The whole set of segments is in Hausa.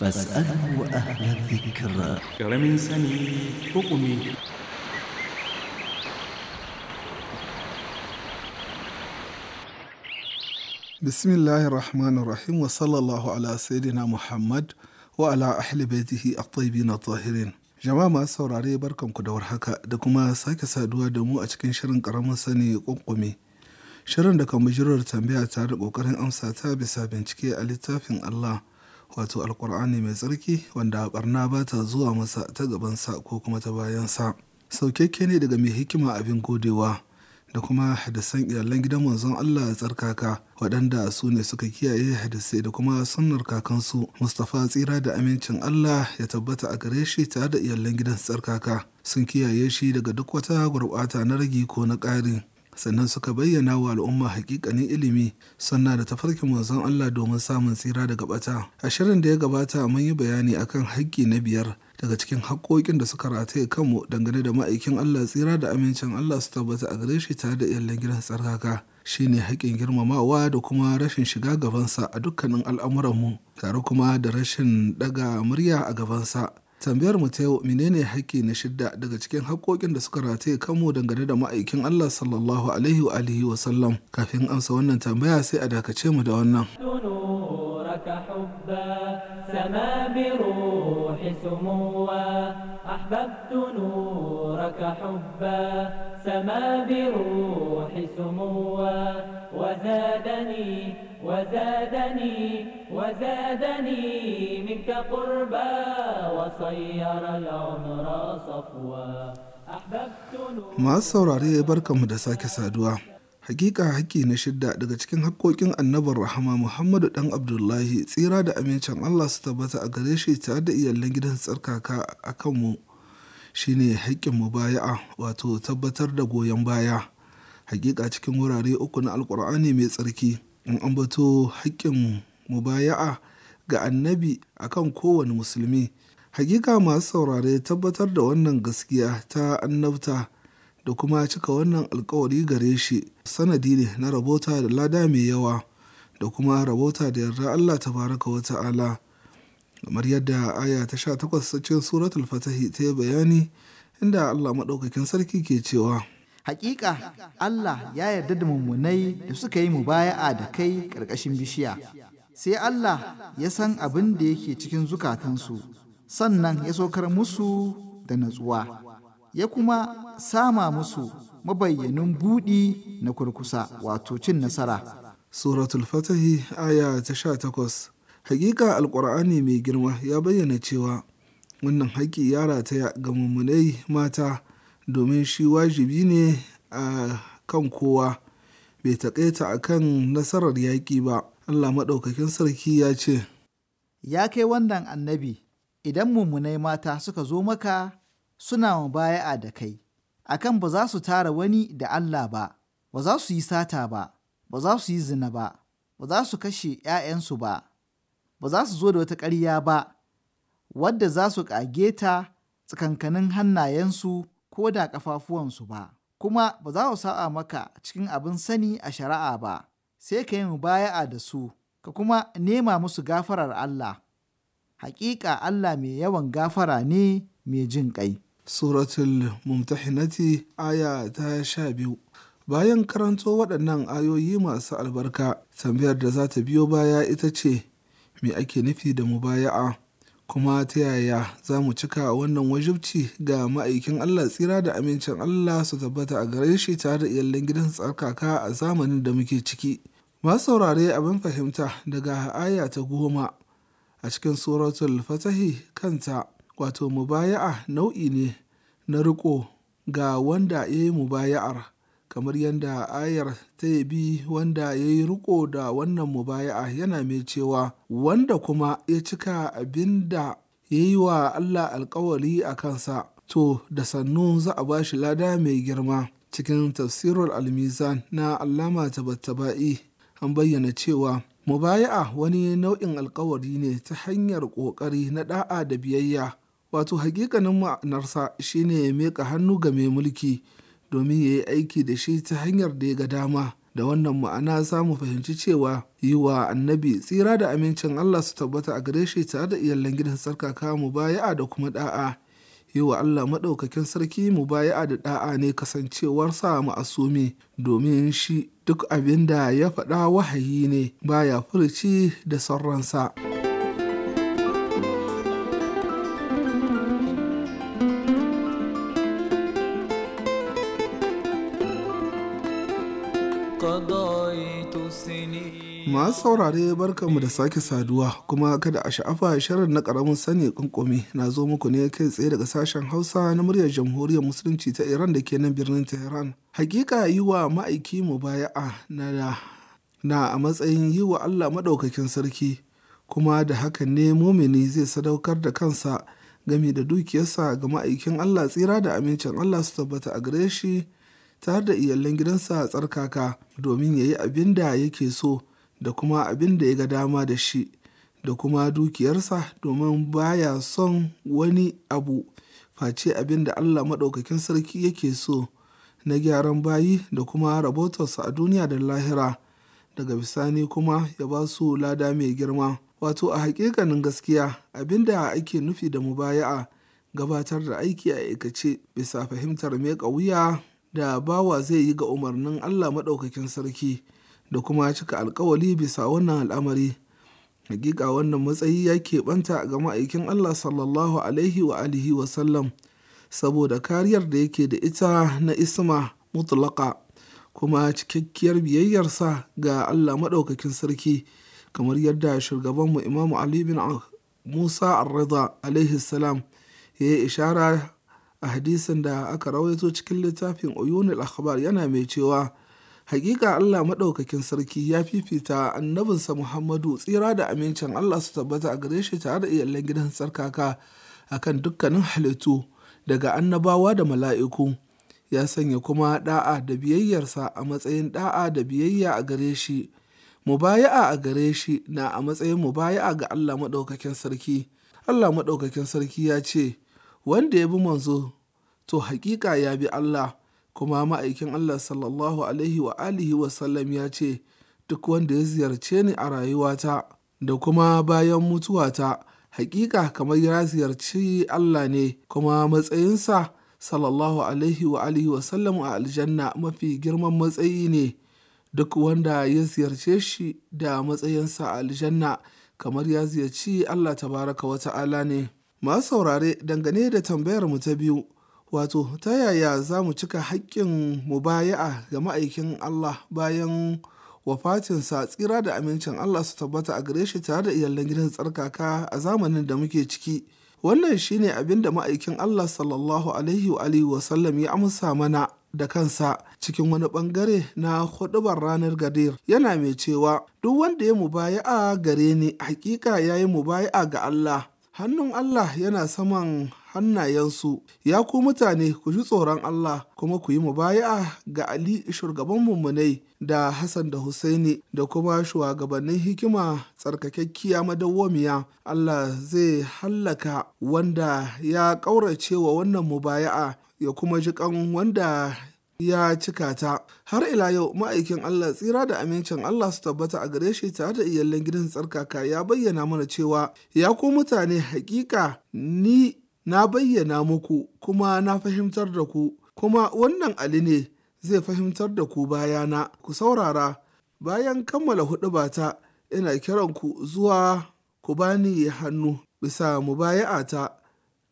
فاساله اهل الذكر كرم سني حكمي بسم الله الرحمن الرحيم وصلى الله على سيدنا محمد وعلى اهل بيته الطيبين الطاهرين جماعة ما سوراري بركم كدور حكا دكما ساكا سادوا دمو أتكين شرن قرام ساني قنقمي شرن دكما جرر تنبيع تارق وقرن أمسا تابسا بنتكي ألتافين الله wato alkur'ani mai tsarki wanda barna ba ta zuwa masa ta gabansa ko kuma ta bayansa saukakke ne daga mai hikima abin godewa da kuma hadisan iyalan gidan manzon Allah tsarkaka waɗanda su ne suka kiyaye hadisai da kuma sunnar kakansu mustafa tsira da amincin Allah ya tabbata a gare shi tare da iyalan gidan tsarkaka sun kiyaye shi daga duk wata gurɓata na ragi ko na ƙari sannan suka bayyana wa al'umma hakikanin ilimi sannan da tafarkin manzon Allah domin samun tsira daga bata. A shirin da ya gabata mun yi bayani akan haƙƙi na biyar daga cikin haƙƙoƙin da suka rataye kanmu dangane da ma'aikin Allah tsira da amincin Allah su tabbata a gare shi tare da iyalan gidan tsarkaka shine haƙƙin girmamawa da kuma rashin shiga gabansa a dukkanin al'amuranmu tare kuma da rashin ɗaga murya a gabansa tambayar mu ta yau menene haƙƙi na shidda daga cikin haƙƙoƙin da suka rataye kanmu dangane da ma'aikin Allah sallallahu alaihi wa alihi wa sallam kafin amsa wannan tambaya sai a dakace mu da wannan أحببت نورك حبا سما وزادني وزادني منك قربا وصير العمر صفوا ما saurare barkanmu da sake saduwa. Hakika haƙƙi na shidda daga cikin haƙƙoƙin annabar rahama Muhammadu ɗan Abdullahi tsira da amincin Allah su tabbata a gare shi tare da iyalan gidan tsarkaka a kanmu shine haƙƙin mubaya'a wato tabbatar da goyon baya. Hakika cikin wurare uku na Alƙur'ani mai tsarki in ambato haƙƙin mubaya'a ga annabi akan kowane musulmi. Hakika masu saurare tabbatar da wannan gaskiya ta annabta da kuma cika wannan alkawari gare shi sanadi ne na rabota da lada mai yawa da kuma rabota da yarda Allah Ta tabaraka wa ta'ala. Kamar yadda aya ta sha takwas cikin suratul fatahi ta yi bayani inda Allah maɗaukakin sarki ke cewa. Hakika Allah ya yarda da mummunai da suka yi mu mubaya'a da kai ƙarƙashin bishiya. Sai Allah ya san abin da yake cikin zukatansu, sannan ya saukar musu da natsuwa, ya kuma sama musu mabayyanin buɗi na kurkusa wato cin nasara. Suratul Fatahi aya ta sha takwas Hakika Alƙur'ani mai girma ya bayyana cewa wannan haƙƙi ya rataya ga mummunai mata domin shi wajibi ne a kan kowa bai taƙaita a kan nasarar yaƙi ba Allah maɗaukakin sarki ya ce ya kai wannan annabi idan mummunai mata suka zo maka suna a da kai akan ba za su tara wani da Allah ba ba za su yi sata ba ba za su yi zina ba ba za su kashe 'ya'yansu ba ba za su zo da wata ƙarya ba wadda za su ƙage ta tsakankanin hannayensu ko da ƙafafuwansu ba, kuma ba za su sa'a maka cikin abin sani a shari'a ba, sai ka yi mubaya'a da su, ka kuma nema musu gafarar Allah. Haƙiƙa Allah mai yawan gafara ne mai jin ƙai. Suratul Mumtahinati aya ta sha biyu. Bayan karanto waɗannan ayoyi masu albarka, tambayar da za ta biyo baya ita ce, me ake nufi da mubaya'a? kuma ta yaya za mu cika wannan wajibci ga ma'aikin Allah tsira da amincin Allah su tabbata a gare shi tare da iyalan gidan tsarkaka a zamanin da muke ciki. Masu saurare abin fahimta daga aya ta goma a cikin suratul fatahi kanta wato mubaya'a nau'i ne na riko ga wanda ya yi mubaya'ar kamar yadda ayar ta bi wanda ya yi riko da wannan mubaya'a yana mai cewa wanda kuma ya cika abin da ya yi wa Allah alkawari a kansa to da sannu za a ba shi lada mai girma cikin tafsirul almizan na allama tabattaba'i an bayyana cewa mubaya'a wani nau'in alkawari ne ta hanyar ƙoƙari na da'a da biyayya wato hakikanin ma'anarsa shine ya miƙa hannu ga mai mulki domin ya yi aiki da shi ta hanyar da ya ga dama. Da wannan ma'ana za mu fahimci cewa yi wa annabi tsira da amincin Allah su tabbata a gare shi tare da iyalan gidan sarkaka mu baya'a da kuma da'a. Yi wa Allah maɗaukakin sarki mu baya'a da da'a ne kasancewar kasancewarsa ma'asumi domin shi duk abinda ya faɗa wahayi ne baya furci da sauransa. Ma saurare barkanmu da sake saduwa kuma kada a sha'afa shirin na karamin sani kunkumi na zo muku ne kai tsaye daga sashen Hausa na muryar Jamhuriyar Musulunci ta Iran da ke nan birnin Tehran. Hakika yi wa ma'aiki baya na da na a matsayin yi wa Allah maɗaukakin sarki kuma da hakan ne mumini zai sadaukar da kansa gami da dukiyarsa ga ma'aikin Allah tsira da amincin Allah su tabbata a gare shi tare da iyalan gidansa tsarkaka domin ya yi abin da yake so da kuma abin da ya ga dama da shi da kuma dukiyarsa domin baya son wani abu face abin da Allah maɗaukakin sarki yake so na gyaran bayi da kuma rabotarsa a duniya da lahira daga bisani kuma ya ba su lada mai girma wato a hakikanin gaskiya abin da ake nufi da mubaya'a gabatar da aiki a aikace bisa fahimtar mai wuya da bawa zai yi ga umarnin Allah maɗaukakin sarki da kuma cika alkawali bisa wannan al'amari hakika wannan matsayi ya keɓanta ga ma'aikin Allah sallallahu alaihi wa alihi wa sallam saboda kariyar da yake da ita na isma mutlaka kuma cikakkiyar biyayyarsa ga Allah maɗaukakin sarki kamar yadda shugabanmu imamu Ali bin Musa Ar-Rida alaihi salam ya yi ishara a hadisin da aka rawaito cikin littafin Uyunul Akhbar yana mai cewa Hakika Allah maɗaukakin sarki ya fifita annabinsa Muhammadu tsira da amincin Allah su tabbata a gare shi tare da iyalan gidan sarkaka akan dukkanin halittu daga annabawa da mala'iku. Ya sanya kuma da'a da biyayyarsa a matsayin da'a da biyayya a gare shi. Mubaya'a a gare shi na a matsayin mubaya'a ga Allah maɗaukakin sarki. Allah maɗaukakin sarki ya ce, Wanda ya bi manzo, to hakika ya bi Allah. kuma ma'aikin Allah sallallahu alaihi wa alihi wa ya ce duk wanda ya ziyarce ni a rayuwata da kuma bayan mutuwata hakika kamar ya ziyarci Allah ne kuma matsayinsa sallallahu alaihi wa alihi wa a aljanna mafi girman matsayi ne duk wanda ya ziyarce shi da matsayinsa a aljanna kamar ya ziyarci Allah tabaraka wa ta'ala ne masu saurare dangane da tambayar mu ta biyu wato ta yaya za mu cika haƙƙin mubaya'a ga ma'aikin Allah bayan wafatinsa tsira da amincin Allah su tabbata a gare shi tare da iyalan gidan tsarkaka a zamanin da muke ciki wannan shine abin da ma'aikin Allah sallallahu alaihi wa alihi ya amsa mana da kansa cikin wani bangare na hudubar ranar gadir yana mai cewa duk wanda ya mubaya'a gare ni hakika ya yi mubaya'a ga Allah hannun Allah yana saman hannayensu ya ku mutane ku ji tsoron Allah kuma ku yi mubaya'a ga Ali shugaban mummunai da Hassan da Husaini da kuma shugabannin hikima tsarkakakkiya madawwamiya Allah zai hallaka wanda ya ƙaurace wa wannan mubaya'a ya kuma ji kan wanda ya cika ta har ila yau ma'aikin Allah tsira da amincin Allah su tabbata a gare shi tare da iyalan gidan tsarkaka ya bayyana mana cewa ya ku mutane hakika ni na bayyana muku kuma na fahimtar da ku kuma wannan ali ne zai fahimtar da ku bayana ku saurara bayan kammala huɗubata, ina kiran ku zuwa ku bani hannu bisa mubaya'ata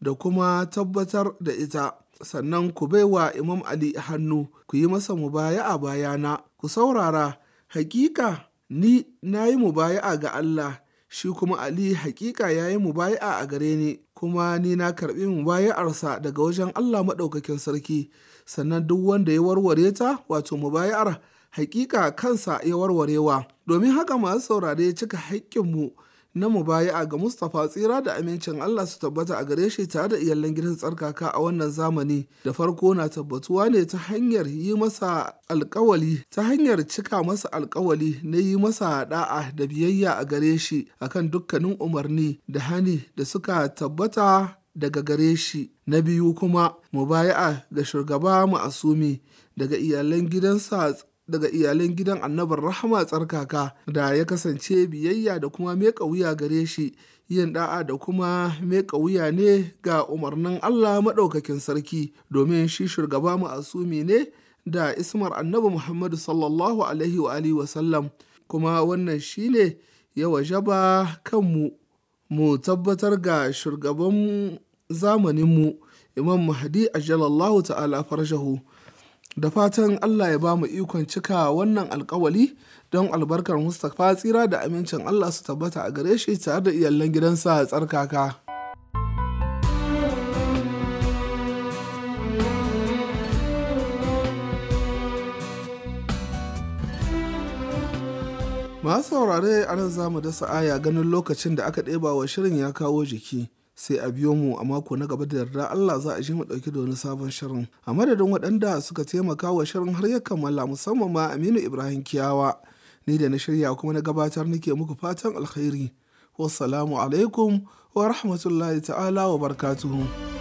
da kuma tabbatar da ita sannan ku baiwa imam ali hannu ku yi masa mubaya'a bayana ku saurara hakika ni na yi mubaya'a ga Allah shi kuma ali hakika ya yi mubaya'a a gare ni kuma ni na karɓi mubaya'arsa daga wajen Allah maɗaukakin sarki sannan duk wanda ya warware ta wato mubaya'ar hakika kansa ya warwarewa domin haka masu saurare cika haƙƙinmu na mubaya'a ga Mustapha tsira da amincin Allah su tabbata a gare shi tare da iyalan gidan tsarkaka a wannan zamani da farko na tabbatuwa ne ta hanyar yi masa alkawali ta hanyar cika masa alkawali na yi masa da'a da biyayya a gare shi akan dukkanin umarni da hani da suka tabbata daga gare shi na biyu kuma mubaya'a ga shugaba ma'asumi daga iyalan gidansa daga iyalan gidan annabar rahama tsarkaka da ya kasance biyayya da kuma meka wuya gare shi yin da'a da kuma meka wuya ne ga umarnin Allah maɗaukakin sarki domin shi shugaba ma'asumi ne da ismar annabi Muhammadu sallallahu alaihi wa alihi wa sallam kuma wannan shi ne ya wajaba kanmu mu tabbatar ga shugaban zamaninmu imam mahdi ajalallahu ta'ala farjahu da fatan Allah ya ba mu ikon cika wannan alkawali don albarkar Mustapha tsira da amincin Allah su tabbata a gare shi tare da iyalan gidansa a tsarkaka. Masu saurare a nan za mu dasa aya ganin lokacin da aka ɗeba wa shirin ya kawo jiki. sai a biyo mu a mako na gaba da yarda Allah za a ji mu ɗauki da wani sabon shirin a madadin waɗanda suka taimaka wa shirin har ya kammala musamman ma Aminu Ibrahim Kiyawa ni da na shirya kuma na gabatar nake muku fatan alkhairi wassalamu alaikum wa rahmatullahi ta'ala wa barkatuhu